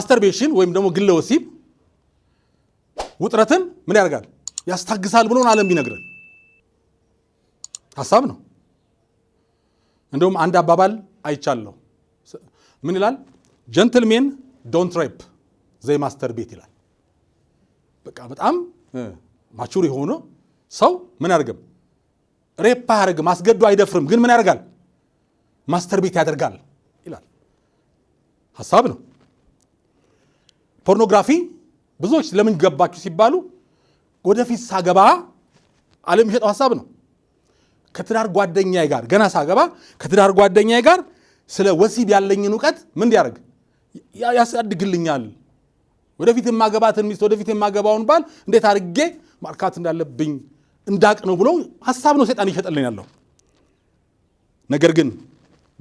ማስተርቤሽን ወይም ደግሞ ግለ ወሲብ ውጥረትን ምን ያደርጋል? ያስታግሳል ብሎን ዓለም ቢነግረን ሀሳብ ነው። እንደውም አንድ አባባል አይቻለሁ። ምን ይላል? ጀንትልሜን ዶንት ሬፕ ዘይ ማስተር ቤት ይላል። በቃ በጣም ማቹር የሆነ ሰው ምን ያደርግም? ሬፕ አያደርግም፣ አስገዱ አይደፍርም። ግን ምን ያደርጋል? ማስተር ቤት ያደርጋል ይላል። ሀሳብ ነው። ፖርኖግራፊ ብዙዎች ለምን ገባችሁ ሲባሉ ወደፊት ሳገባ አለም የሚሸጠው ሀሳብ ነው። ከትዳር ጓደኛዬ ጋር ገና ሳገባ ከትዳር ጓደኛዬ ጋር ስለ ወሲብ ያለኝን እውቀት ምን እንዲያደርግ ያሳድግልኛል፣ ወደፊት የማገባትን ሚስት ወደፊት የማገባውን ባል እንዴት አድርጌ ማርካት እንዳለብኝ እንዳቅ ነው ብሎ ሀሳብ ነው ሰይጣን ይሸጠልን ያለው። ነገር ግን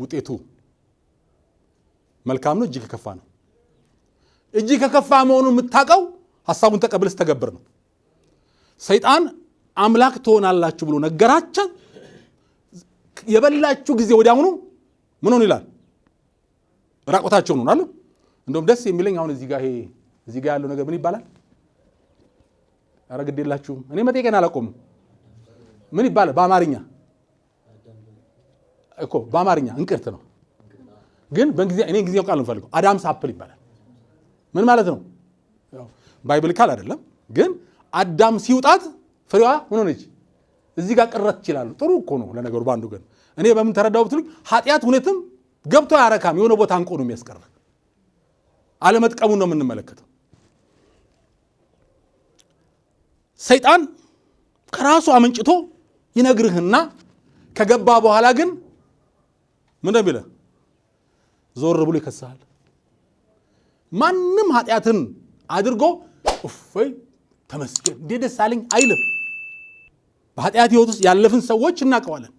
ውጤቱ መልካም ነው፣ እጅግ ከፋ ነው። እጅ ከከፋ መሆኑን የምታውቀው ሀሳቡን ተቀብል ስተገብር ነው። ሰይጣን አምላክ ትሆናላችሁ ብሎ ነገራቸው። የበላችሁ ጊዜ ወዲያውኑ ምን ሆኑ ይላል ራቆታቸው ነው አለ። እንደውም ደስ የሚለኝ አሁን እዚህ ጋር እዚህ ጋር ያለው ነገር ምን ይባላል? ኧረ ግድ የላችሁም እኔ መጠየቄን አላቆምም። ምን ይባላል በአማርኛ እኮ በአማርኛ እንቅርት ነው፣ ግን በእንግሊዝኛ እኔ እንግሊዝኛው ቃል ንፈልገው አዳምስ አፕል ይባላል። ምን ማለት ነው? ባይብል ካል አይደለም ግን አዳም ሲውጣት ፍሬዋ ምን ሆነች? እዚህ ጋር ቅረት ይችላሉ። ጥሩ እኮ ነው ለነገሩ። በአንዱ ግን እኔ በምን ተረዳው ብትሉኝ ኃጢአት ሁኔትም ገብቶ አያረካም። የሆነ ቦታ አንቆ ነው የሚያስቀር። አለመጥቀሙን ነው የምንመለከተው። ሰይጣን ከራሱ አመንጭቶ ይነግርህና ከገባ በኋላ ግን ምን እንደሚልህ ዞር ብሎ ይከስሃል። ማንም ኃጢአትን አድርጎ እፎይ ተመስገን እንዴ ደስ አለኝ አይልም። በኃጢአት ህይወት ውስጥ ያለፍን ሰዎች እናውቀዋለን።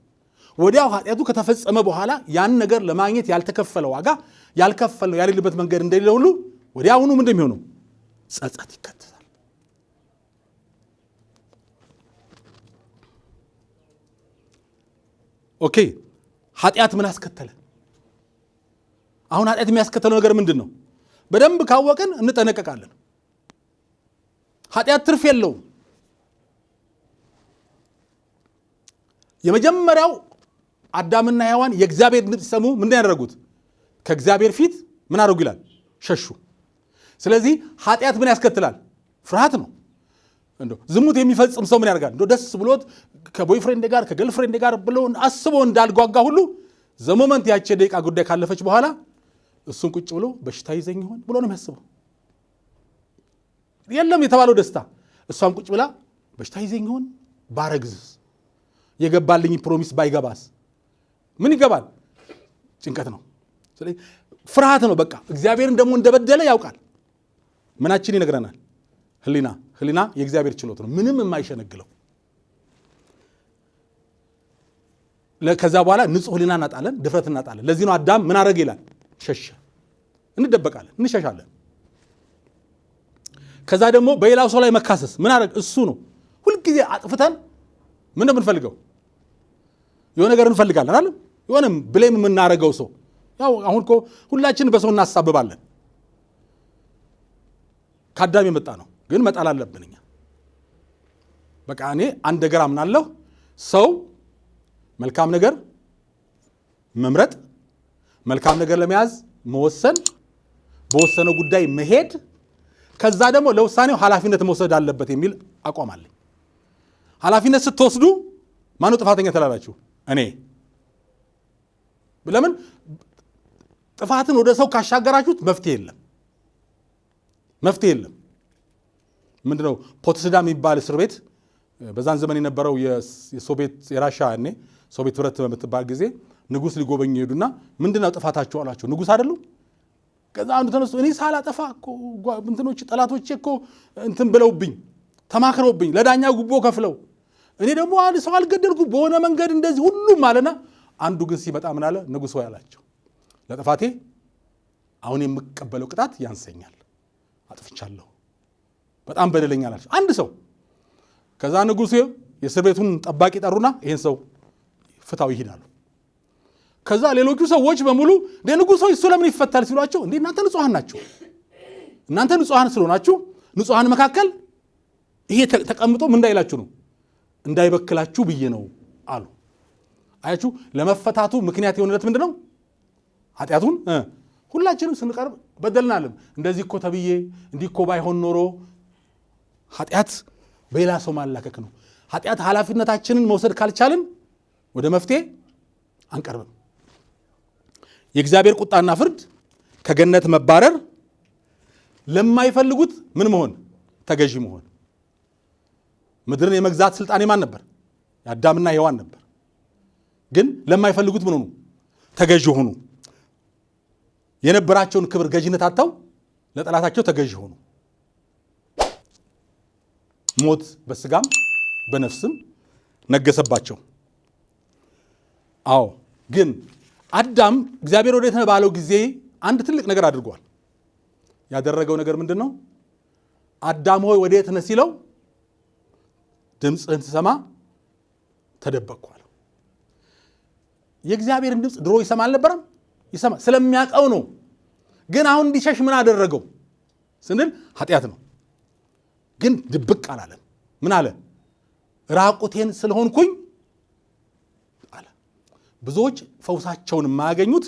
ወዲያው ኃጢአቱ ከተፈጸመ በኋላ ያን ነገር ለማግኘት ያልተከፈለ ዋጋ ነው ያሌለበት መንገድ እንደሌለ ሁሉ ወዲያውኑ ምንድ የሚሆነው ጸጸት ይከተታል። ኦኬ ኃጢአት ምን አስከተለ? አሁን ኃጢአት የሚያስከተለው ነገር ምንድን ነው? በደንብ ካወቅን እንጠነቀቃለን። ኃጢአት ትርፍ የለውም። የመጀመሪያው አዳምና ሔዋን የእግዚአብሔር ድምፅ ሲሰሙ ምንድን ያደረጉት? ከእግዚአብሔር ፊት ምን አደረጉ ይላል? ሸሹ። ስለዚህ ኃጢአት ምን ያስከትላል? ፍርሃት ነው። እንዶ ዝሙት የሚፈጽም ሰው ምን ያደርጋል? እንዶ ደስ ብሎት ከቦይፍሬንድ ጋር ከገልፍሬንድ ጋር ብሎ አስቦ እንዳልጓጓ ሁሉ ዘሞመንት ያቸ ደቂቃ ጉዳይ ካለፈች በኋላ እሱን ቁጭ ብሎ በሽታ ይዘኝ ይሆን ብሎ ነው የሚያስበው። የለም የተባለው ደስታ እሷም ቁጭ ብላ በሽታ ይዘኝ ይሆን ባረግዝስ፣ የገባልኝ ፕሮሚስ ባይገባስ፣ ምን ይገባል? ጭንቀት ነው፣ ፍርሃት ነው። በቃ እግዚአብሔርን ደግሞ እንደበደለ ያውቃል። ምናችን ይነግረናል? ህሊና ህሊና የእግዚአብሔር ችሎት ነው፣ ምንም የማይሸነግለው ከዛ በኋላ ንጹህ ህሊና እናጣለን፣ ድፍረት እናጣለን። ለዚህ ነው አዳም ምን አረግ ይላል ሸሸ። እንደበቃለን፣ እንሸሻለን። ከዛ ደግሞ በሌላው ሰው ላይ መካሰስ ምን አደረግ እሱ ነው። ሁልጊዜ አጥፍተን ምን እንደምንፈልገው የሆነ ነገር እንፈልጋለን አለ የሆነም ብሌም የምናደርገው ሰው ያው አሁን እኮ ሁላችን በሰው እናሳብባለን። ከአዳም የመጣ ነው፣ ግን መጣል አለብን እኛ። በቃ እኔ አንድ ነገር አምናለሁ፣ ሰው መልካም ነገር መምረጥ መልካም ነገር ለመያዝ መወሰን፣ በወሰነው ጉዳይ መሄድ፣ ከዛ ደግሞ ለውሳኔው ኃላፊነት መውሰድ አለበት የሚል አቋም አለኝ። ኃላፊነት ስትወስዱ ማኑ ጥፋተኛ ትላላችሁ? እኔ። ለምን ጥፋትን ወደ ሰው ካሻገራችሁት መፍትሄ የለም፣ መፍትሄ የለም። ምንድነው ፖትስዳም የሚባል እስር ቤት በዛን ዘመን የነበረው የሶቪየት የራሻ እኔ ሶቪየት ህብረት በምትባል ጊዜ ንጉሥ ሊጎበኙ ሄዱና ምንድነው ጥፋታቸው አሏቸው። ንጉሥ አይደሉም። ከዛ አንዱ ተነስቶ እኔ ሳላጠፋ እንትኖች ጠላቶቼ እኮ እንትን ብለውብኝ ተማክረውብኝ ለዳኛ ጉቦ ከፍለው እኔ ደግሞ አንድ ሰው አልገደልኩ በሆነ መንገድ እንደዚህ ሁሉም አለና፣ አንዱ ግን ሲመጣ ምን አለ? ንጉሥ ወይ አላቸው ለጥፋቴ አሁን የምቀበለው ቅጣት ያንሰኛል፣ አጥፍቻለሁ፣ በጣም በደለኛ አላቸው አንድ ሰው። ከዛ ንጉሥ የእስር ቤቱን ጠባቂ ጠሩና ይህን ሰው ፍታው ይሄዳሉ ከዛ ሌሎቹ ሰዎች በሙሉ እንደ ንጉሥ ሆይ እሱ ለምን ይፈታል ሲሏቸው፣ እንዴ እናንተ ንጹሐን ናችሁ፣ እናንተ ንጹሐን ስለሆናችሁ ንጹሐን መካከል ይሄ ተቀምጦ ምን እንዳይላችሁ ነው እንዳይበክላችሁ ብዬ ነው አሉ። አያችሁ፣ ለመፈታቱ ምክንያት የሆነለት ምንድን ነው? ኃጢአቱን ሁላችንም ስንቀርብ በደልናለም። እንደዚህ እኮ ተብዬ እንዲህ እኮ ባይሆን ኖሮ ኃጢአት በሌላ ሰው ማላከክ ነው። ኃጢአት ኃላፊነታችንን መውሰድ ካልቻልን ወደ መፍትሄ አንቀርብም። የእግዚአብሔር ቁጣና ፍርድ ከገነት መባረር ለማይፈልጉት ምን መሆን ተገዢ መሆን ምድርን የመግዛት ስልጣን የማን ነበር የአዳምና የዋን ነበር ግን ለማይፈልጉት ምን ሆኑ ተገዢ ሆኑ የነበራቸውን ክብር ገዥነት አጥተው ለጠላታቸው ተገዢ ሆኑ ሞት በስጋም በነፍስም ነገሰባቸው አዎ ግን አዳም እግዚአብሔር ወደ ተባለው ጊዜ አንድ ትልቅ ነገር አድርጓል። ያደረገው ነገር ምንድን ነው? አዳም ሆይ ወዴት ነህ ሲለው ድምፅህን ስሰማ ተደበቅኩ የእግዚአብሔርን ድምፅ ድሮ ይሰማ አልነበረም? ይሰማ ስለሚያውቀው ነው። ግን አሁን እንዲሸሽ ምን አደረገው ስንል ኃጢአት ነው። ግን ድብቅ አላለም። ምን አለ? ራቁቴን ስለሆንኩኝ ብዙዎች ፈውሳቸውን የማያገኙት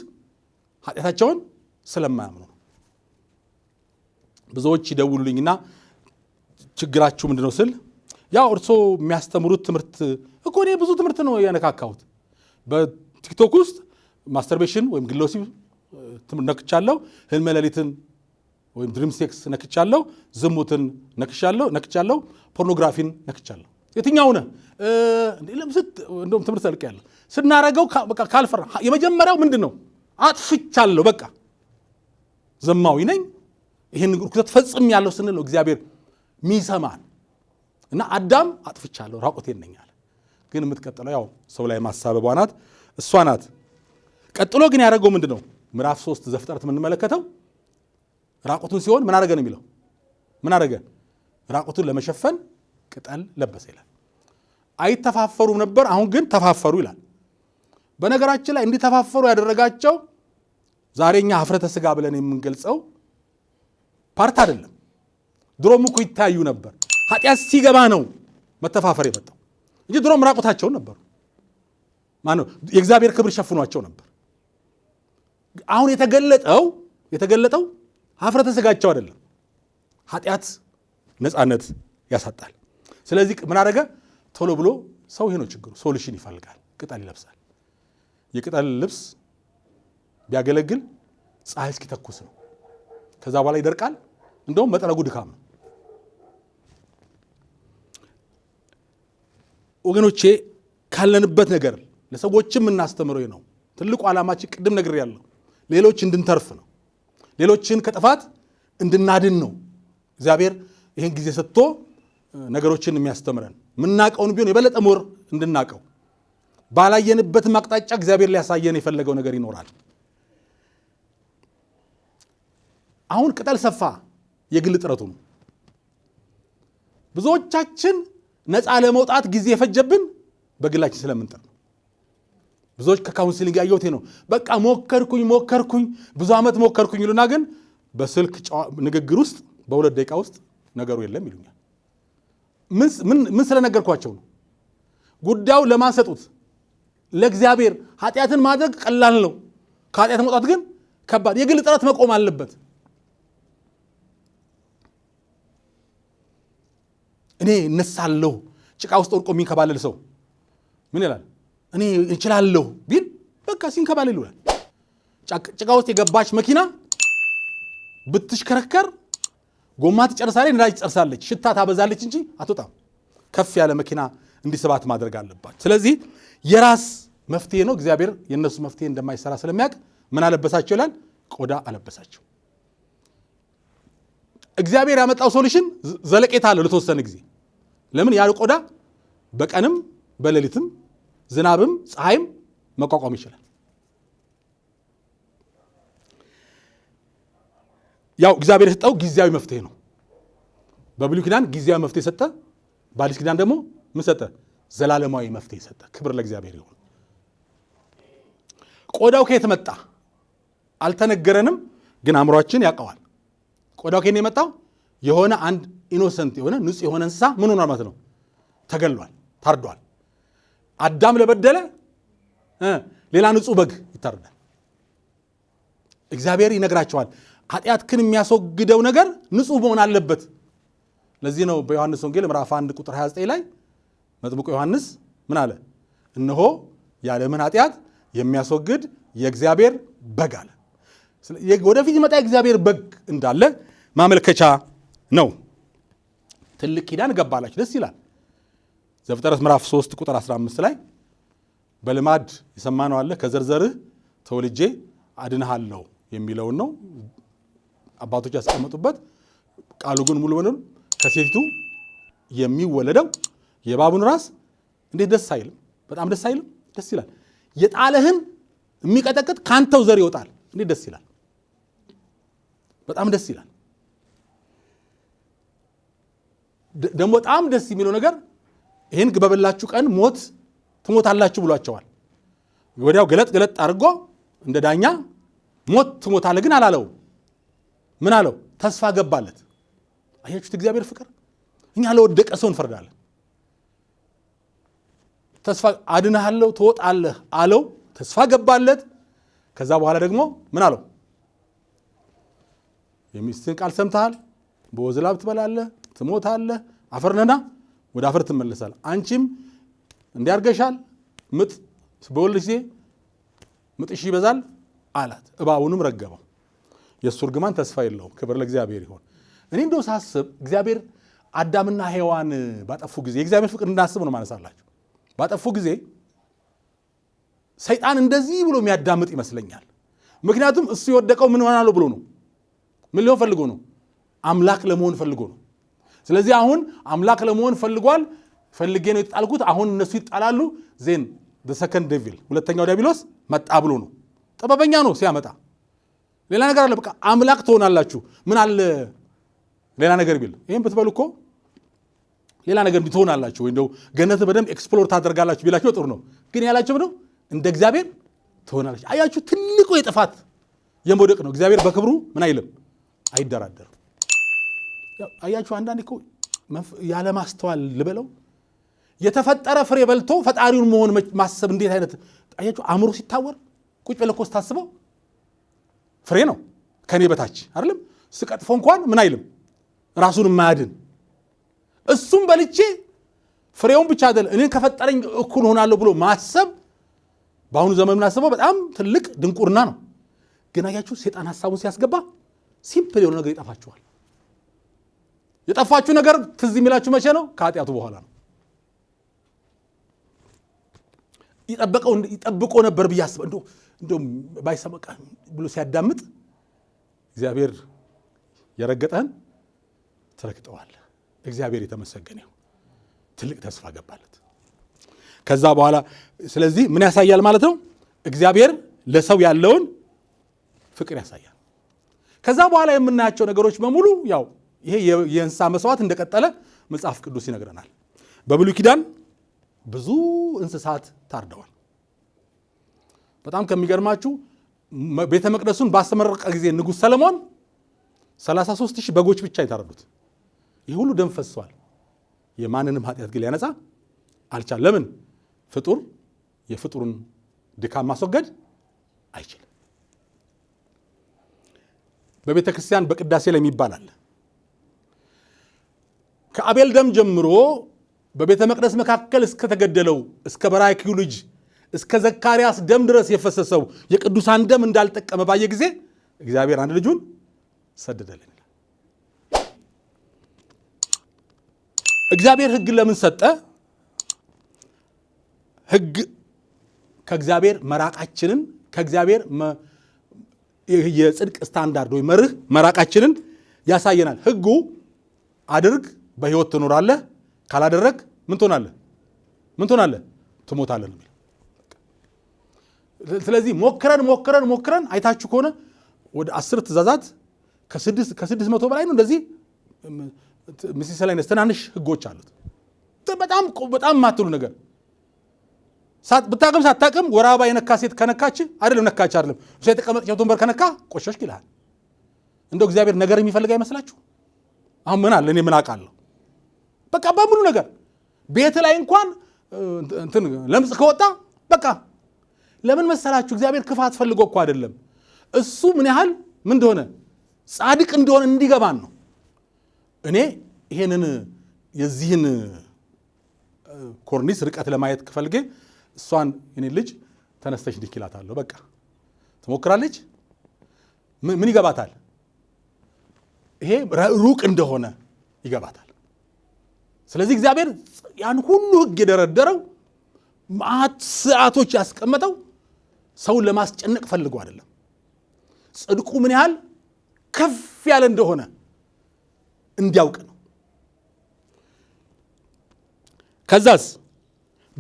ኃጢአታቸውን ስለማያምኑ ነው። ብዙዎች ይደውሉልኝና ችግራችሁ ምንድን ነው ስል ያ እርሶ የሚያስተምሩት ትምህርት እኮ እኔ ብዙ ትምህርት ነው ያነካካሁት። በቲክቶክ ውስጥ ማስተርቤሽን ወይም ግሎሲ ነክቻለሁ፣ ህልመ ሌሊትን ወይም ድሪም ሴክስ ነክቻለሁ፣ ዝሙትን ነክቻለሁ፣ ፖርኖግራፊን ነክቻለሁ። የትኛው ነህ? እንደውም ትምህርት ዘልቅ ያለ ስናረገው ካልፈራ የመጀመሪያው ምንድን ነው? አጥፍቻለሁ፣ በቃ ዘማዊ ነኝ፣ ይህን ርኩሰት ፈጽም ያለው ስንል ነው እግዚአብሔር ሚሰማን እና አዳም አጥፍቻለሁ፣ ራቁቴን ነኝ አለ። ግን የምትቀጥለው ያው ሰው ላይ ማሳበቧ ናት፣ እሷ ናት። ቀጥሎ ግን ያደረገው ምንድን ነው? ምዕራፍ ሶስት ዘፍጥረት የምንመለከተው ራቁቱን ሲሆን ምን አደረገ ነው የሚለው? ምን አደረገ? ራቁቱን ለመሸፈን ቅጠል ለበሰ ይላል። አይተፋፈሩም ነበር፣ አሁን ግን ተፋፈሩ ይላል። በነገራችን ላይ እንዲተፋፈሩ ያደረጋቸው ዛሬ እኛ ሀፍረተ ስጋ ብለን የምንገልጸው ፓርት አይደለም። ድሮም እኮ ይታዩ ነበር። ኃጢአት ሲገባ ነው መተፋፈር የመጣው እንጂ ድሮም ራቁታቸውን ነበሩ። ማነው የእግዚአብሔር ክብር ሸፍኗቸው ነበር። አሁን የተገለጠው የተገለጠው ሀፍረተ ስጋቸው አይደለም። ኃጢአት ነፃነት ያሳጣል። ስለዚህ ምን አደረገ? ቶሎ ብሎ ሰው ይሄ ነው ችግሩ። ሶሉሽን ይፈልጋል። ቅጠል ይለብሳል። የቅጠል ልብስ ቢያገለግል ፀሐይ እስኪተኩስ ነው። ከዛ በኋላ ይደርቃል። እንደውም መጥረጉ ድካም ነው። ወገኖቼ ካለንበት ነገር ለሰዎችም እናስተምረው ነው። ትልቁ ዓላማችን ቅድም ነገር ያለው ሌሎች እንድንተርፍ ነው። ሌሎችን ከጥፋት እንድናድን ነው። እግዚአብሔር ይህን ጊዜ ሰጥቶ ነገሮችን የሚያስተምረን የምናቀውን ቢሆን የበለጠ ሞር እንድናቀው ባላየንበት ማቅጣጫ እግዚአብሔር ሊያሳየን የፈለገው ነገር ይኖራል። አሁን ቅጠል ሰፋ የግል ጥረቱ ነው። ብዙዎቻችን ነፃ ለመውጣት ጊዜ የፈጀብን በግላችን ስለምንጥር ነው። ብዙዎች ከካውንስሊንግ ያየሁት ነው። በቃ ሞከርኩኝ ሞከርኩኝ ብዙ ዓመት ሞከርኩኝ ይሉና ግን በስልክ ንግግር ውስጥ በሁለት ደቂቃ ውስጥ ነገሩ የለም ይሉኛል። ምን ስለነገርኳቸው ነው? ጉዳዩ ለማን ሰጡት? ለእግዚአብሔር ኃጢአትን ማድረግ ቀላል ነው። ከኃጢአት መውጣት ግን ከባድ፣ የግል ጥረት መቆም አለበት። እኔ እነሳለሁ። ጭቃ ውስጥ ወድቆ የሚንከባለል ሰው ምን ይላል? እኔ እንችላለሁ ቢል በቃ ሲንከባለል ይውላል። ጭቃ ውስጥ የገባች መኪና ብትሽከረከር ጎማ ትጨርሳለች፣ ነዳጅ ትጨርሳለች፣ ሽታ ታበዛለች እንጂ አትወጣም። ከፍ ያለ መኪና እንዲስባት ማድረግ አለባት። ስለዚህ የራስ መፍትሄ ነው። እግዚአብሔር የእነሱ መፍትሄ እንደማይሰራ ስለሚያውቅ ምን አለበሳቸው ይላል? ቆዳ አለበሳቸው። እግዚአብሔር ያመጣው ሶሉሽን ዘለቄታ አለው ለተወሰነ ጊዜ። ለምን ያን ቆዳ በቀንም በሌሊትም ዝናብም ፀሐይም መቋቋም ይችላል። ያው እግዚአብሔር የሰጠው ጊዜያዊ መፍትሄ ነው። በብሉይ ኪዳን ጊዜያዊ መፍትሄ ሰጠ። በአዲስ ኪዳን ደግሞ ምን ሰጠ? ዘላለማዊ መፍትሄ ሰጠ። ክብር ለእግዚአብሔር ይሁን። ቆዳው ከየት መጣ አልተነገረንም፣ ግን አእምሯችን ያውቀዋል። ቆዳው ከየት የመጣው የሆነ አንድ ኢኖሰንት የሆነ ንጹህ የሆነ እንስሳ ምን ሆኗል ማለት ነው? ተገሏል፣ ታርዷል። አዳም ለበደለ ሌላ ንጹህ በግ ይታርዳል። እግዚአብሔር ይነግራቸዋል። ክን የሚያስወግደው ነገር ንጹህ መሆን አለበት። ለዚህ ነው በዮሐንስ ወንጌል ምዕራፍ 1 ቁጥር 29 ላይ መጥምቁ ዮሐንስ ምን አለ? እነሆ የዓለምን ኃጢአት የሚያስወግድ የእግዚአብሔር በግ አለ። ወደፊት ይመጣ የእግዚአብሔር በግ እንዳለ ማመልከቻ ነው። ትልቅ ኪዳን ገባላችሁ። ደስ ይላል። ዘፍጥረት ምዕራፍ 3 ቁጥር 15 ላይ በልማድ የሰማነው አለ ከዘርዘርህ ተወልጄ አድንሃለሁ የሚለውን ነው አባቶች ያስቀመጡበት። ቃሉ ግን ሙሉ በሙሉ ከሴቲቱ የሚወለደው የእባቡን ራስ እንዴት ደስ አይልም? በጣም ደስ አይልም? ደስ ይላል። የጣለህን የሚቀጠቅጥ ካንተው ዘር ይወጣል። እንዴት ደስ ይላል! በጣም ደስ ይላል። ደግሞ በጣም ደስ የሚለው ነገር ይህን በበላችሁ ቀን ሞት ትሞታላችሁ ብሏቸዋል። ወዲያው ገለጥ ገለጥ አድርጎ እንደ ዳኛ ሞት ትሞታለ ግን አላለው። ምን አለው? ተስፋ ገባለት። አያችሁት? እግዚአብሔር ፍቅር። እኛ ለወደቀ ሰው እንፈርዳለን። ተስፋ አድንሃለሁ ትወጣለህ አለው። ተስፋ ገባለት። ከዛ በኋላ ደግሞ ምን አለው? የሚስትን ቃል ሰምተሃል። በወዝላብ ላብ ትበላለህ፣ ትሞታለህ፣ አፈርነና ወደ አፈር ትመለሳል። አንቺም እንዲያርገሻል ምጥ በወልድ ጊዜ ምጥሽ ይበዛል አላት። እባቡንም ረገበው። የእሱ እርግማን ተስፋ የለውም። ክብር ለእግዚአብሔር ይሆን። እኔ እንደው ሳስብ እግዚአብሔር አዳምና ሔዋን ባጠፉ ጊዜ የእግዚአብሔር ፍቅር እንዳስብ ነው ማነሳላቸው ባጠፉ ጊዜ ሰይጣን እንደዚህ ብሎ የሚያዳምጥ ይመስለኛል። ምክንያቱም እሱ የወደቀው ምን ሆናለሁ ብሎ ነው። ምን ሊሆን ፈልጎ ነው? አምላክ ለመሆን ፈልጎ ነው። ስለዚህ አሁን አምላክ ለመሆን ፈልጓል። ፈልጌ ነው የተጣልኩት። አሁን እነሱ ይጣላሉ። ዜን ሰከንድ ዴቪል ሁለተኛው ዲያብሎስ መጣ ብሎ ነው። ጥበበኛ ነው ሲያመጣ። ሌላ ነገር አለ። በቃ አምላክ ትሆናላችሁ ምን አለ ሌላ ነገር ቢል ይህም ብትበሉ እኮ ሌላ ነገር ትሆናላችሁ ወይ ገነት በደንብ ኤክስፕሎር ታደርጋላችሁ ቢላቸው ጥሩ ነው። ግን ያላቸው ነው እንደ እግዚአብሔር ትሆናለች። አያችሁ ትልቁ የጥፋት የመውደቅ ነው። እግዚአብሔር በክብሩ ምን አይልም አይደራደርም። አያችሁ አንዳንድ እኮ ያለማስተዋል ልበለው የተፈጠረ ፍሬ በልቶ ፈጣሪውን መሆን ማሰብ እንዴት አይነት አያችሁ አእምሮ ሲታወር ቁጭ ብለህ እኮ ስታስበው ፍሬ ነው ከእኔ በታች አይደለም ስቀጥፎ እንኳን ምን አይልም ራሱን የማያድን እሱም በልቼ ፍሬውን ብቻ አይደለ እኔን ከፈጠረኝ እኩል ሆናለሁ ብሎ ማሰብ በአሁኑ ዘመን የምናስበው በጣም ትልቅ ድንቁርና ነው። ግን አያችሁ ሴጣን ሀሳቡን ሲያስገባ ሲምፕል የሆነ ነገር ይጠፋችኋል። የጠፋችሁ ነገር ትዝ የሚላችሁ መቼ ነው? ከኃጢአቱ በኋላ ነው። ይጠብቆ ነበር ብዬ አስበ እንዲሁም ባይሰበቃ ብሎ ሲያዳምጥ እግዚአብሔር የረገጠህን ትረግጠዋል። እግዚአብሔር የተመሰገነ ይሁን። ትልቅ ተስፋ ገባለት። ከዛ በኋላ ስለዚህ ምን ያሳያል ማለት ነው? እግዚአብሔር ለሰው ያለውን ፍቅር ያሳያል። ከዛ በኋላ የምናያቸው ነገሮች በሙሉ ያው ይሄ የእንስሳ መስዋዕት እንደቀጠለ መጽሐፍ ቅዱስ ይነግረናል። በብሉ ኪዳን ብዙ እንስሳት ታርደዋል። በጣም ከሚገርማችሁ ቤተ መቅደሱን ባስተመረቀ ጊዜ ንጉሥ ሰለሞን 33 ሺህ በጎች ብቻ የታረዱት ይህ ሁሉ ደም ፈሷል። የማንንም ኃጢአት ግን ሊያነጻ አልቻል። ለምን? ፍጡር የፍጡሩን ድካም ማስወገድ አይችልም። በቤተ ክርስቲያን በቅዳሴ ላይ ይባላል። ከአቤል ደም ጀምሮ በቤተ መቅደስ መካከል እስከተገደለው እስከ በራኪዩ ልጅ እስከ ዘካርያስ ደም ድረስ የፈሰሰው የቅዱሳን ደም እንዳልጠቀመ ባየ ጊዜ እግዚአብሔር አንድ ልጁን ሰደደልን። እግዚአብሔር ህግን ለምን ሰጠ? ህግ ከእግዚአብሔር መራቃችንን ከእግዚአብሔር የጽድቅ ስታንዳርድ ወይ መርህ መራቃችንን ያሳየናል። ህጉ አድርግ በህይወት ትኖራለህ፣ ካላደረግ ምን ትሆናለህ? ምን ትሆናለህ? ትሞታለህ ነው የሚለው። ስለዚህ ሞክረን ሞክረን ሞክረን አይታችሁ ከሆነ ወደ አስር ትእዛዛት ከስድስት መቶ በላይ ነው እንደዚህ ሚስስ ላይነስ ትናንሽ ህጎች አሉት። በጣም በጣም የማትሉ ነገር ብታቅም ሳታቅም ወር አበባ የነካ ሴት ከነካች አይደለም ነካች አይደለም እሷ የተቀመጠችበት ወንበር ከነካ ቆሸሽ ይልሃል። እንደው እግዚአብሔር ነገር የሚፈልግ አይመስላችሁ? አሁን ምን አለ እኔ ምን አውቃለሁ? በቃ በሙሉ ነገር ቤት ላይ እንኳን እንትን ለምጽ ከወጣ በቃ ለምን መሰላችሁ? እግዚአብሔር ክፋት ፈልጎ እኮ አይደለም እሱ ምን ያህል ምን እንደሆነ ጻድቅ እንደሆነ እንዲገባን ነው። እኔ ይሄንን የዚህን ኮርኒስ ርቀት ለማየት ክፈልጌ እሷን የኔ ልጅ ተነስተሽ አለሁ በቃ ትሞክራለች። ምን ይገባታል? ይሄ ሩቅ እንደሆነ ይገባታል። ስለዚህ እግዚአብሔር ያን ሁሉ ህግ የደረደረው ማት ስርዓቶች ያስቀመጠው ሰውን ለማስጨነቅ ፈልጎ አይደለም። ጽድቁ ምን ያህል ከፍ ያለ እንደሆነ እንዲያውቅ ነው። ከዛስ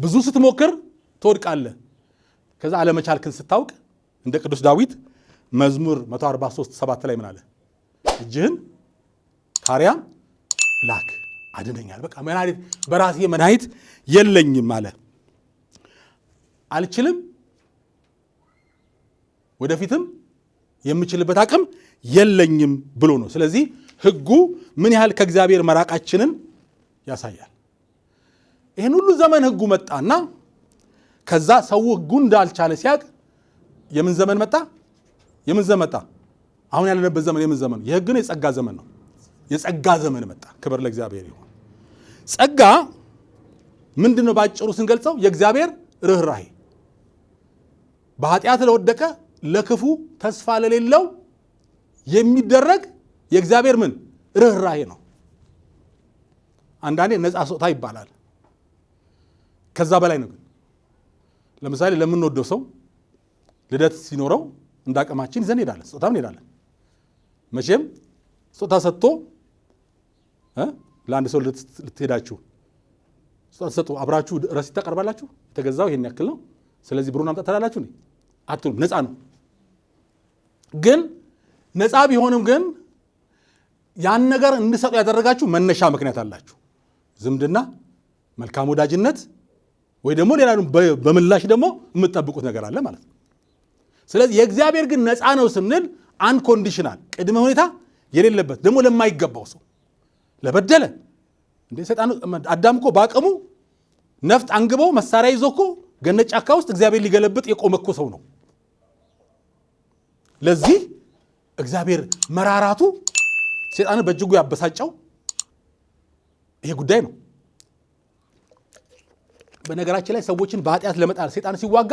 ብዙ ስትሞክር ትወድቃለህ። ከዛ አለመቻልክን ስታውቅ እንደ ቅዱስ ዳዊት መዝሙር 143 7 ላይ ምን አለ? እጅህን ካሪያም ላክ አድነኛል። በቃ መድኃኒት በራሴ መድኃኒት የለኝም አለ። አልችልም፣ ወደፊትም የምችልበት አቅም የለኝም ብሎ ነው። ስለዚህ ህጉ ምን ያህል ከእግዚአብሔር መራቃችንን ያሳያል። ይህን ሁሉ ዘመን ህጉ መጣና ከዛ ሰው ህጉ እንዳልቻለ ሲያቅ የምን ዘመን መጣ? የምን ዘመን መጣ? አሁን ያለንበት ዘመን የምን ዘመን? ነው? የጸጋ ዘመን ነው። የጸጋ ዘመን መጣ። ክብር ለእግዚአብሔር ይሁን። ጸጋ ምንድን ነው? ባጭሩ ስንገልጸው የእግዚአብሔር ርኅራሄ በኃጢአት ለወደቀ ለክፉ ተስፋ ለሌለው የሚደረግ የእግዚአብሔር ምን ርኅራሄ ነው። አንዳንዴ ነፃ ስጦታ ይባላል። ከዛ በላይ ነው። ግን ለምሳሌ ለምንወደው ሰው ልደት ሲኖረው እንደ አቅማችን ይዘን ሄዳለን፣ ስጦታ እንሄዳለን። መቼም ስጦታ ሰጥቶ ለአንድ ሰው ልትሄዳችሁ ስጦታ ሰጡ አብራችሁ ረሲት ታቀርባላችሁ። የተገዛው ይሄን ያክል ነው፣ ስለዚህ ብሩን አምጣ ትላላችሁ። አትሉም። ነፃ ነው። ግን ነፃ ቢሆንም ግን ያን ነገር እንድሰጡ ያደረጋችሁ መነሻ ምክንያት አላችሁ። ዝምድና፣ መልካም ወዳጅነት ወይ ደግሞ ሌላ በምላሽ ደግሞ የምትጠብቁት ነገር አለ ማለት ነው። ስለዚህ የእግዚአብሔር ግን ነፃ ነው ስንል ኮንዲሽናል ቅድመ ሁኔታ የሌለበት ደግሞ ለማይገባው ሰው ለበደለ እንደ ሰይጣን አዳም እኮ በአቅሙ ነፍጥ አንግቦ መሳሪያ ይዞ እኮ ገነት ጫካ ውስጥ እግዚአብሔር ሊገለብጥ የቆመ እኮ ሰው ነው። ለዚህ እግዚአብሔር መራራቱ ሴጣንን በእጅጉ ያበሳጨው ይሄ ጉዳይ ነው። በነገራችን ላይ ሰዎችን በኃጢአት ለመጣል ሴጣን ሲዋጋ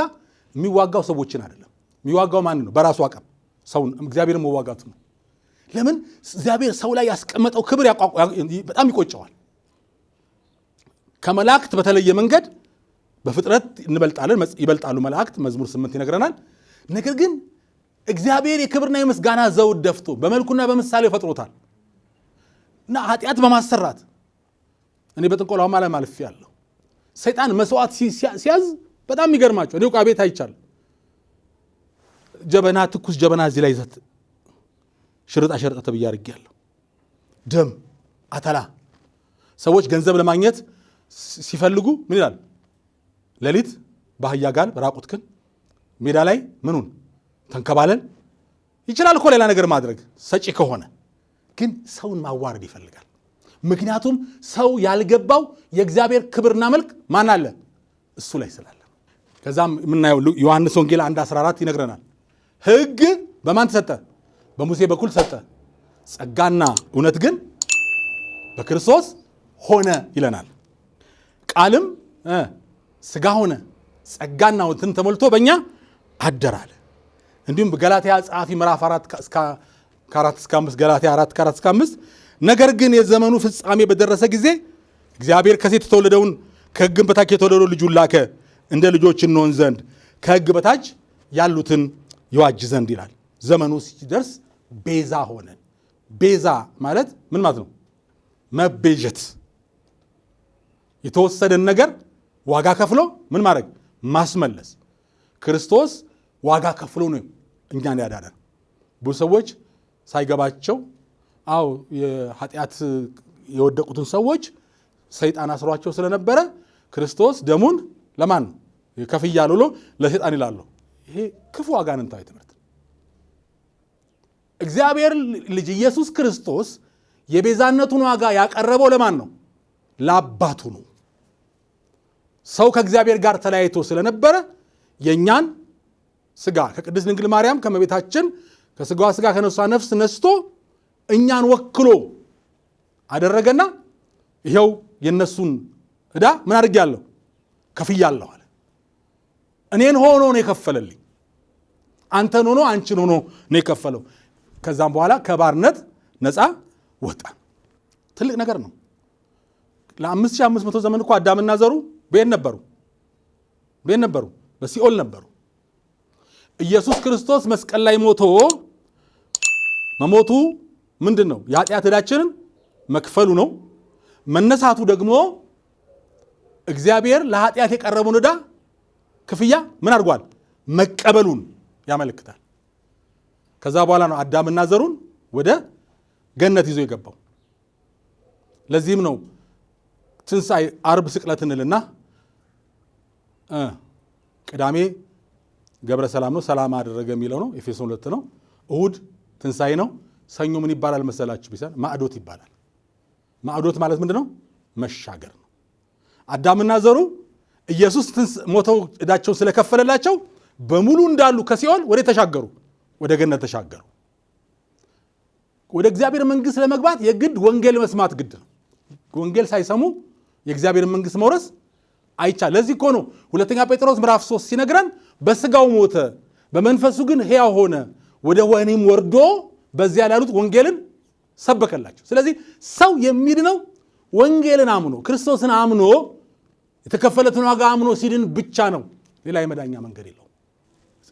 የሚዋጋው ሰዎችን አይደለም። የሚዋጋው ማን ነው? በራሱ አቅም ሰውን እግዚአብሔር መዋጋቱ ነው። ለምን እግዚአብሔር ሰው ላይ ያስቀመጠው ክብር በጣም ይቆጨዋል። ከመላእክት በተለየ መንገድ በፍጥረት እንበልጣለን፣ ይበልጣሉ መላእክት መዝሙር ስምንት ይነግረናል። ነገር ግን እግዚአብሔር የክብርና የምስጋና ዘውድ ደፍቶ በመልኩና በምሳሌ ፈጥሮታል። እና ኃጢአት በማሰራት እኔ በጥንቆላውም ዓለም ያለው ሰይጣን መስዋዕት ሲያዝ በጣም የሚገርማቸው እኔ ውቃ ቤት አይቻል ጀበና፣ ትኩስ ጀበና እዚህ ላይ ዘት ሽርጣ ሸርጠ ተብዬ አድርጌያለሁ። ደም አተላ ሰዎች ገንዘብ ለማግኘት ሲፈልጉ ምን ይላል? ሌሊት ባህያ ጋል ራቁትክን ሜዳ ላይ ምኑን ተንከባለን። ይችላል እኮ ሌላ ነገር ማድረግ ሰጪ ከሆነ ግን ሰውን ማዋረድ ይፈልጋል። ምክንያቱም ሰው ያልገባው የእግዚአብሔር ክብርና መልክ ማን አለ እሱ ላይ ስላለ። ከዛም የምናየው ዮሐንስ ወንጌል 1 14 ይነግረናል። ህግ በማን ተሰጠ? በሙሴ በኩል ሰጠ። ጸጋና እውነት ግን በክርስቶስ ሆነ ይለናል። ቃልም ስጋ ሆነ ጸጋና እውነትን ተሞልቶ በእኛ አደራለ። እንዲሁም በገላትያ ጸሐፊ ምዕራፍ 4 ከአራት እስከ አምስት ገላትያ አራት ከአራት እስከ አምስት ነገር ግን የዘመኑ ፍጻሜ በደረሰ ጊዜ እግዚአብሔር ከሴት የተወለደውን ከሕግም በታች የተወለደው ልጁን ላከ እንደ ልጆች እንሆን ዘንድ ከሕግ በታች ያሉትን ይዋጅ ዘንድ ይላል። ዘመኑ ሲደርስ ቤዛ ሆነ ቤዛ ማለት ምን ማለት ነው? መቤዠት፣ የተወሰደን ነገር ዋጋ ከፍሎ ምን ማድረግ ማስመለስ። ክርስቶስ ዋጋ ከፍሎ ነው እኛን ያዳነን። ብዙ ሰዎች ሳይገባቸው አው የኃጢአት የወደቁትን ሰዎች ሰይጣን አስሯቸው ስለነበረ ክርስቶስ ደሙን ለማን ከፍያ ብሎ ለሰይጣን ይላሉ። ይሄ ክፉ አጋንንታዊ ትምህርት። እግዚአብሔር ልጅ ኢየሱስ ክርስቶስ የቤዛነቱን ዋጋ ያቀረበው ለማን ነው? ለአባቱ ነው። ሰው ከእግዚአብሔር ጋር ተለያይቶ ስለነበረ የእኛን ስጋ ከቅድስት ድንግል ማርያም ከመቤታችን ከስጋዋ ስጋ ከነፍሷ ነፍስ ነስቶ እኛን ወክሎ አደረገና ይኸው የነሱን ዕዳ ምን አድርጌያለሁ ከፍያለሁ አለ። እኔን ሆኖ ነው የከፈለልኝ፣ አንተን ሆኖ አንቺን ሆኖ ነው የከፈለው። ከዛም በኋላ ከባርነት ነፃ ወጣ። ትልቅ ነገር ነው። ለ ለ5500 መቶ ዘመን እኮ አዳምና ዘሩ ቤት ነበሩ ቤት ነበሩ፣ በሲኦል ነበሩ። ኢየሱስ ክርስቶስ መስቀል ላይ ሞቶ መሞቱ ምንድን ነው? የኃጢአት ዕዳችንን መክፈሉ ነው። መነሳቱ ደግሞ እግዚአብሔር ለኃጢአት የቀረበውን ዕዳ ክፍያ ምን አድርጓል? መቀበሉን ያመለክታል። ከዛ በኋላ ነው አዳምና ዘሩን ወደ ገነት ይዞ የገባው። ለዚህም ነው ትንሣኤ አርብ ስቅለት እንልና ቅዳሜ ገብረ ሰላም ነው ሰላም አደረገ የሚለው ነው ኤፌሶን ሁለት ነው እሁድ ትንሣኤ ነው። ሰኞ ምን ይባላል መሰላችሁ ቢሰል ማዕዶት ይባላል። ማዕዶት ማለት ምንድ ነው? መሻገር ነው። አዳምና ዘሩ ኢየሱስ ሞተው ዕዳቸውን ስለከፈለላቸው በሙሉ እንዳሉ ከሲኦል ወደ ተሻገሩ፣ ወደ ገነት ተሻገሩ። ወደ እግዚአብሔር መንግሥት ለመግባት የግድ ወንጌል መስማት ግድ ነው። ወንጌል ሳይሰሙ የእግዚአብሔር መንግሥት መውረስ አይቻል። ለዚህ እኮ ነው ሁለተኛ ጴጥሮስ ምዕራፍ 3 ሲነግረን በስጋው ሞተ፣ በመንፈሱ ግን ሕያው ሆነ ወደ ወህኒም ወርዶ በዚያ ላሉት ወንጌልን ሰበከላቸው። ስለዚህ ሰው የሚድነው ወንጌልን አምኖ ክርስቶስን አምኖ የተከፈለትን ዋጋ አምኖ ሲድን ብቻ ነው። ሌላ የመዳኛ መንገድ የለው።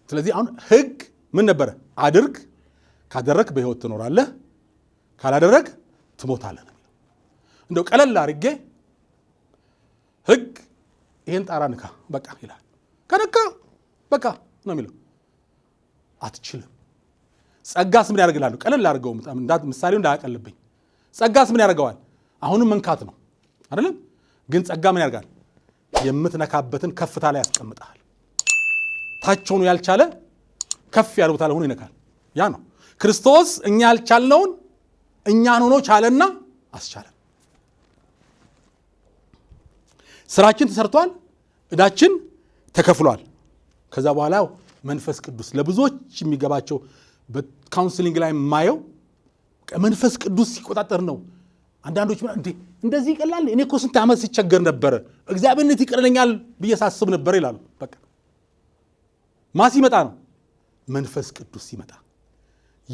ስለዚህ አሁን ህግ ምን ነበረ? አድርግ፣ ካደረግ በህይወት ትኖራለህ፣ ካላደረግ ትሞታለህ ነው የሚለው። እንደው ቀለል አድርጌ ህግ ይህን ጣራ ንካ በቃ ይላል። ከነካ በቃ ነው የሚለው። አትችልም ጸጋስ ምን ያደርግላሉ? ቀለል ላድርገው፣ ምሳሌው እንዳያቀልብኝ። ጸጋስ ምን ያደርገዋል? አሁንም መንካት ነው አይደለም? ግን ጸጋ ምን ያደርጋል? የምትነካበትን ከፍታ ላይ ያስቀምጠሃል። ታች ሆኖ ያልቻለ ከፍ ያለ ቦታ ሆኖ ይነካል። ያ ነው ክርስቶስ። እኛ ያልቻልነውን እኛን ሆኖ ቻለና አስቻለን። ስራችን ተሰርቷል፣ እዳችን ተከፍሏል። ከዛ በኋላ መንፈስ ቅዱስ ለብዙዎች የሚገባቸው በካውንስሊንግ ላይ የማየው መንፈስ ቅዱስ ሲቆጣጠር ነው። አንዳንዶች እንዴ እንደዚህ ይቀላል፣ እኔ እኮ ስንት ዓመት ሲቸገር ነበረ እግዚአብሔርነት ይቀለኛል ብዬ ሳስብ ነበር ይላሉ። በቃ ማ ሲመጣ ነው መንፈስ ቅዱስ ሲመጣ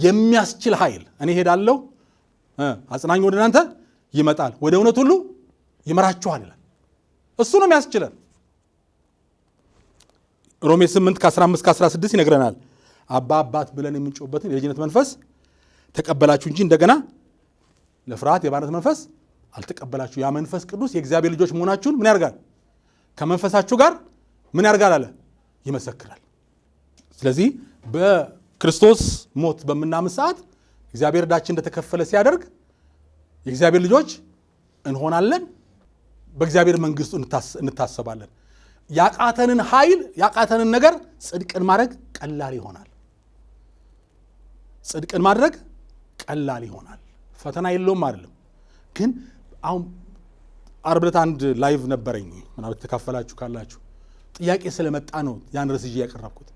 የሚያስችል ኃይል እኔ ሄዳለሁ፣ አጽናኝ ወደ እናንተ ይመጣል፣ ወደ እውነት ሁሉ ይመራችኋል ይላል። እሱ ነው የሚያስችለን። ሮሜ 8 ከ15 ከ16 ይነግረናል። አባ አባት ብለን የምንጮበትን የልጅነት መንፈስ ተቀበላችሁ እንጂ እንደገና ለፍርሃት የባርነት መንፈስ አልተቀበላችሁ። ያ መንፈስ ቅዱስ የእግዚአብሔር ልጆች መሆናችሁን ምን ያርጋል? ከመንፈሳችሁ ጋር ምን ያርጋል? አለ ይመሰክራል። ስለዚህ በክርስቶስ ሞት በምናምን ሰዓት እግዚአብሔር ዕዳችን እንደተከፈለ ሲያደርግ የእግዚአብሔር ልጆች እንሆናለን። በእግዚአብሔር መንግስቱ እንታሰባለን። ያቃተንን ኃይል ያቃተንን ነገር ጽድቅን ማድረግ ቀላል ይሆናል። ጽድቅን ማድረግ ቀላል ይሆናል። ፈተና የለውም አይደለም። ግን አሁን ዓርብ ዕለት አንድ ላይቭ ነበረኝ፣ ምናልባት የተካፈላችሁ ካላችሁ ጥያቄ ስለመጣ ነው ያን ርዕስ ይዤ ያቀረብኩት።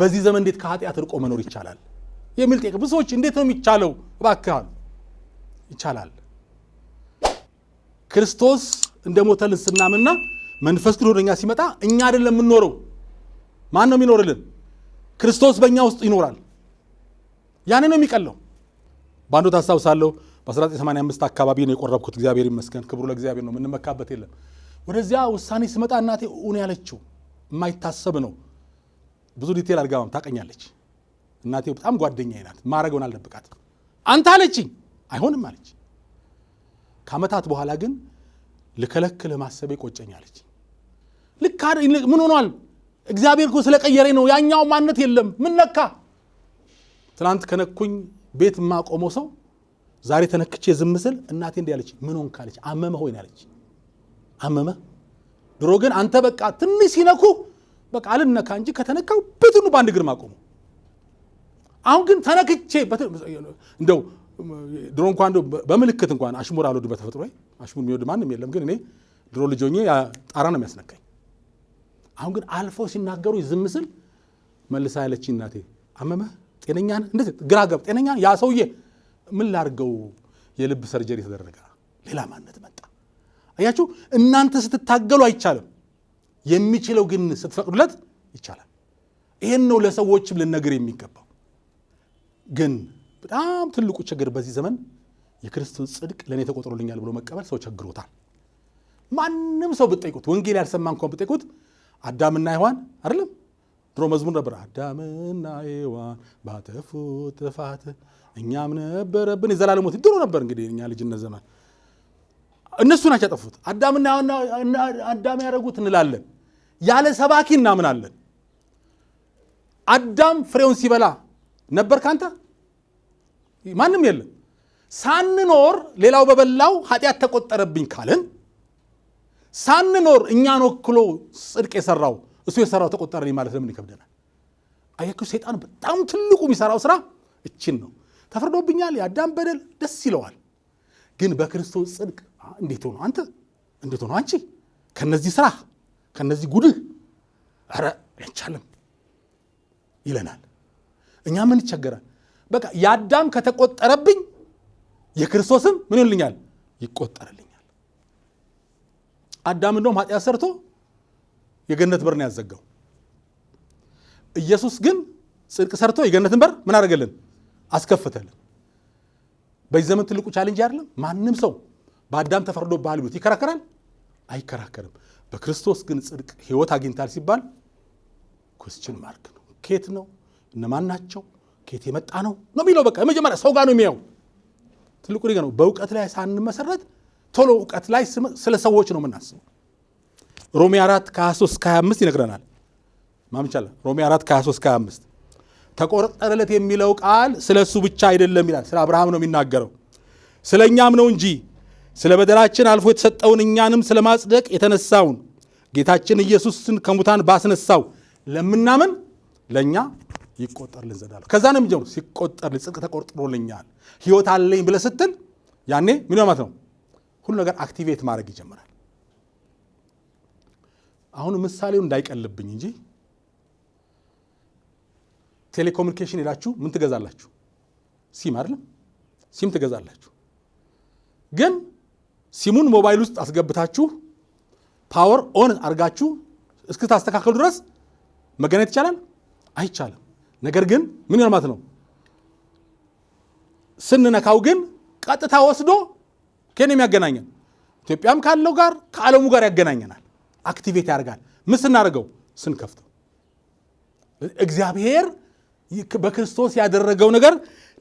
በዚህ ዘመን እንዴት ከኃጢአት ርቆ መኖር ይቻላል የሚል ጥያቄ ብዙ ሰዎች እንዴት ነው የሚቻለው? እባክህ ይቻላል። ክርስቶስ እንደ ሞተልን ስናምና መንፈስ ግን ወደኛ ሲመጣ እኛ አይደለም የምንኖረው። ማን ነው የሚኖርልን? ክርስቶስ በእኛ ውስጥ ይኖራል። ያኔ ነው የሚቀለው። በአንዱ ታስታውሳለሁ፣ በ1985 አካባቢ ነው የቆረብኩት። እግዚአብሔር ይመስገን፣ ክብሩ ለእግዚአብሔር ነው፣ የምንመካበት የለም። ወደዚያ ውሳኔ ስመጣ እናቴ እውን ያለችው የማይታሰብ ነው። ብዙ ዲቴል አልገባም፣ ታቀኛለች። እናቴ በጣም ጓደኛዬ ናት፣ ማረገውን አልደብቃት። አንተ አለችኝ፣ አይሆንም አለች። ከአመታት በኋላ ግን ልከለክልህ ማሰቤ ቆጨኛለች። ልክ ምን ሆኗል? እግዚአብሔር እኮ ስለቀየረኝ ነው። ያኛው ማንነት የለም ምን ነካ ትናንት ከነኩኝ ቤት የማቆመው ሰው ዛሬ ተነክቼ ዝም ስል እናቴ እንዲ ያለች ምን ሆንክ አለች። አመመ ሆይ ያለች አመመ ድሮ ግን አንተ በቃ ትንሽ ሲነኩ በቃ አልነካ እንጂ ከተነካው ብትኑ በአንድ እግር ማቆሙ። አሁን ግን ተነክቼ እንደው ድሮ እንኳን በምልክት እንኳን አሽሙር አልወድም በተፈጥሮ አሽሙር የሚወድ ማንም የለም። ግን እኔ ድሮ ልጆኜ ጣራ ነው የሚያስነካኝ። አሁን ግን አልፎ ሲናገሩ ዝም ስል መልሳ ያለች እናቴ አመመህ ጤነኛ ነህ? እንደዚህ ግራ ገብ ጤነኛ ያ ሰውዬ ምን ላርገው? የልብ ሰርጀሪ የተደረገ ሌላ ማንነት መጣ። አያችሁ፣ እናንተ ስትታገሉ አይቻልም። የሚችለው ግን ስትፈቅዱለት ይቻላል። ይሄን ነው ለሰዎችም ልነገር የሚገባው። ግን በጣም ትልቁ ችግር በዚህ ዘመን የክርስቶስ ጽድቅ ለእኔ ተቆጥሮልኛል ብሎ መቀበል ሰው ቸግሮታል። ማንም ሰው ብጠይቁት ወንጌል ያልሰማ እንኳን ብጠይቁት አዳምና ሔዋን አይደለም ድሮ መዝሙር ነበር። አዳምና ሔዋን ባጠፉ ጥፋት እኛም ነበረብን የዘላለም ሞት ድሮ ነበር። እንግዲህ እኛ ልጅነት ዘመን እነሱ ናቸው ያጠፉት። አዳምና አዳም ያደረጉት እንላለን፣ ያለ ሰባኪ እናምናለን። አዳም ፍሬውን ሲበላ ነበር ካንተ ማንም የለም። ሳንኖር ሌላው በበላው ኃጢአት ተቆጠረብኝ ካልን ሳንኖር እኛን ወክሎ ጽድቅ የሰራው እሱ የሰራው ተቆጠረልኝ ማለት ለምን ይከብደናል? አያችሁ ሰይጣን በጣም ትልቁ የሚሰራው ስራ እችን ነው። ተፈርዶብኛል፣ የአዳም በደል ደስ ይለዋል። ግን በክርስቶስ ጽድቅ እንዴት ሆኖ አንተ እንዴት ሆኖ አንቺ ከነዚህ ስራ ከነዚህ ጉድህ ኧረ አይቻልም ይለናል። እኛ ምን ይቸገራል? በቃ የአዳም ከተቆጠረብኝ የክርስቶስም ምን ይልኛል? ይቆጠርልኛል። አዳም እንደውም ኃጢአት ሰርቶ የገነት በር ነው ያዘጋው። ኢየሱስ ግን ጽድቅ ሰርቶ የገነትን በር ምን አደረገልን? አስከፈተልን። በዚህ ዘመን ትልቁ ቻሌንጅ አይደለም? ማንም ሰው በአዳም ተፈርዶብሃል ቢሉት ይከራከራል? አይከራከርም። በክርስቶስ ግን ጽድቅ ህይወት አግኝታል ሲባል ኮስችን ማርክ ነው። ኬት ነው እነማን ናቸው? ኬት የመጣ ነው ነው የሚለው። በቃ የመጀመሪያ ሰው ጋር ነው የሚያው። ትልቁ ነው። በእውቀት ላይ ሳንመሰረት ቶሎ እውቀት ላይ ስለ ሰዎች ነው የምናስበው። ሮሜ 4 ከ23 ከ25 ይነግረናል። ማምቻለ ሮሜ 4 ከ23 ከ25 ተቆረጠለት የሚለው ቃል ስለ እሱ ብቻ አይደለም ይላል። ስለ አብርሃም ነው የሚናገረው፣ ስለ እኛም ነው እንጂ ስለ በደላችን አልፎ የተሰጠውን እኛንም ስለ ማጽደቅ የተነሳውን ጌታችን ኢየሱስን ከሙታን ባስነሳው ለምናምን ለእኛ ይቆጠርልን ዘንድ ከዛ ነው የሚጀምሩ ሲቆጠርልን ጽድቅ ተቆርጥሮልኛል፣ ህይወት አለኝ ብለህ ስትል ያኔ ምን ማለት ነው? ሁሉ ነገር አክቲቬት ማድረግ ይጀምራል። አሁን ምሳሌው እንዳይቀልብኝ እንጂ ቴሌኮሙኒኬሽን ሄዳችሁ ምን ትገዛላችሁ? ሲም አይደለም? ሲም ትገዛላችሁ። ግን ሲሙን ሞባይል ውስጥ አስገብታችሁ ፓወር ኦን አድርጋችሁ እስክታስተካከሉ ድረስ መገናኘት ይቻላል አይቻልም። ነገር ግን ምን ማለት ነው። ስንነካው ግን ቀጥታ ወስዶ ከን የሚያገናኘን ኢትዮጵያም ካለው ጋር ከዓለሙ ጋር ያገናኘናል። አክቲቬት ያደርጋል። ምን ስናደርገው? ስንከፍተው። እግዚአብሔር በክርስቶስ ያደረገው ነገር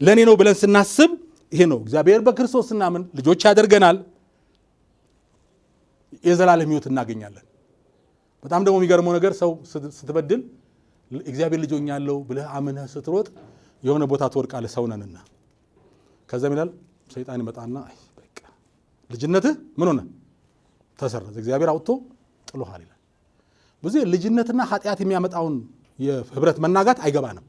ለእኔ ነው ብለን ስናስብ ይሄ ነው። እግዚአብሔር በክርስቶስ ስናምን ልጆች ያደርገናል፣ የዘላለም ሕይወት እናገኛለን። በጣም ደግሞ የሚገርመው ነገር ሰው ስትበድል እግዚአብሔር ልጆኛለው ብለህ አምነህ ስትሮጥ የሆነ ቦታ ትወድቃለህ። ሰውነንና ከዚያ ይላል ሰይጣን ይመጣና ልጅነትህ ምን ሆነ? ተሰረዘ። እግዚአብሔር አውጥቶ ጥሎሃል ይላል። ብዙ ልጅነትና ኃጢአት የሚያመጣውን የህብረት መናጋት አይገባንም።